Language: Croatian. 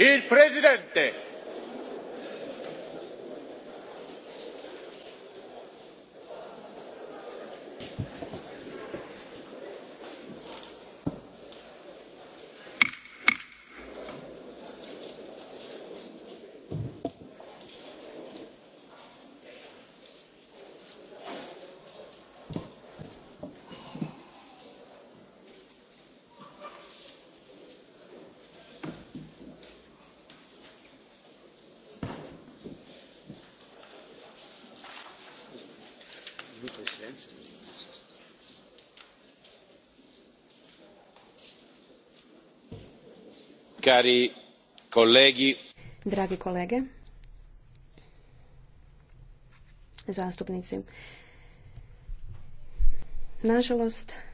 Il Presidente. Cari colleghi Dragi kolege, zastupnici, nažalost,